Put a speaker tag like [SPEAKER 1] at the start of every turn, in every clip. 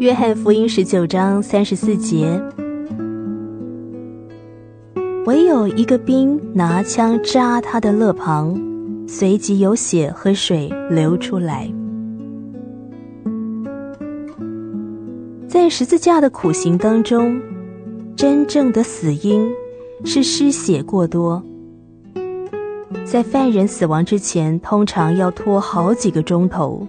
[SPEAKER 1] 約翰福音十九章三十四節，唯有一個兵拿槍扎他的肋旁，隨即有血和水流出來。在十字架的苦刑當中，真正的死因是失血過多。在犯人死亡之前，通常要拖好幾個鐘頭。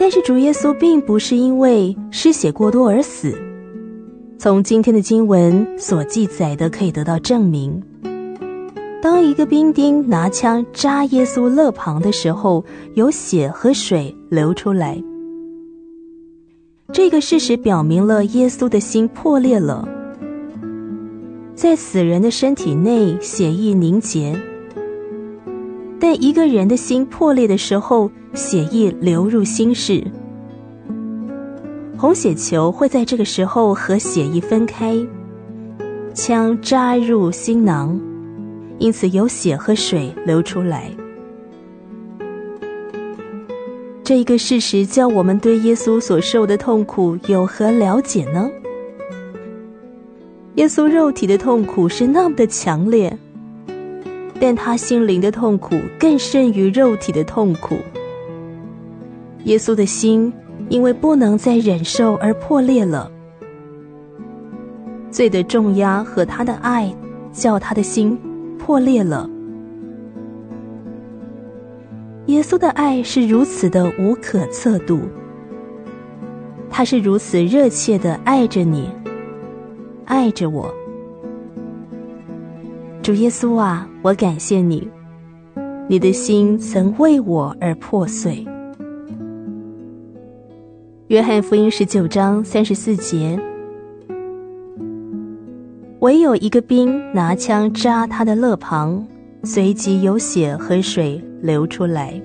[SPEAKER 1] 但是主耶穌並不是因為失血過多而死，從今天的經文所記載的可以得到證明。當一個兵丁拿槍扎耶穌肋旁的時候，有血和水流出來。這個事實表明了耶穌的心破裂了，在死人的身體內血液凝結。但一個人的心破裂的時候，血液流入心室，紅血球會在這個時候和血液分開，槍扎入心囊，因此有血和水流出來。這個事實叫我們對耶穌所受的痛苦有何了解呢？耶穌肉體的痛苦是那麼的強烈。但他心靈的痛苦更甚於肉體的痛苦。耶穌的心因為不能再忍受而破裂了，罪的重壓和他的愛叫他的心破裂了。耶穌的愛是如此的無可測度，他是如此熱切的愛着你，愛着我。主耶穌啊，我感謝你，你的心曾為我而破碎。約翰福音十九章三十四節，唯有一個兵拿槍扎他的肋旁，隨即有血和水流出來。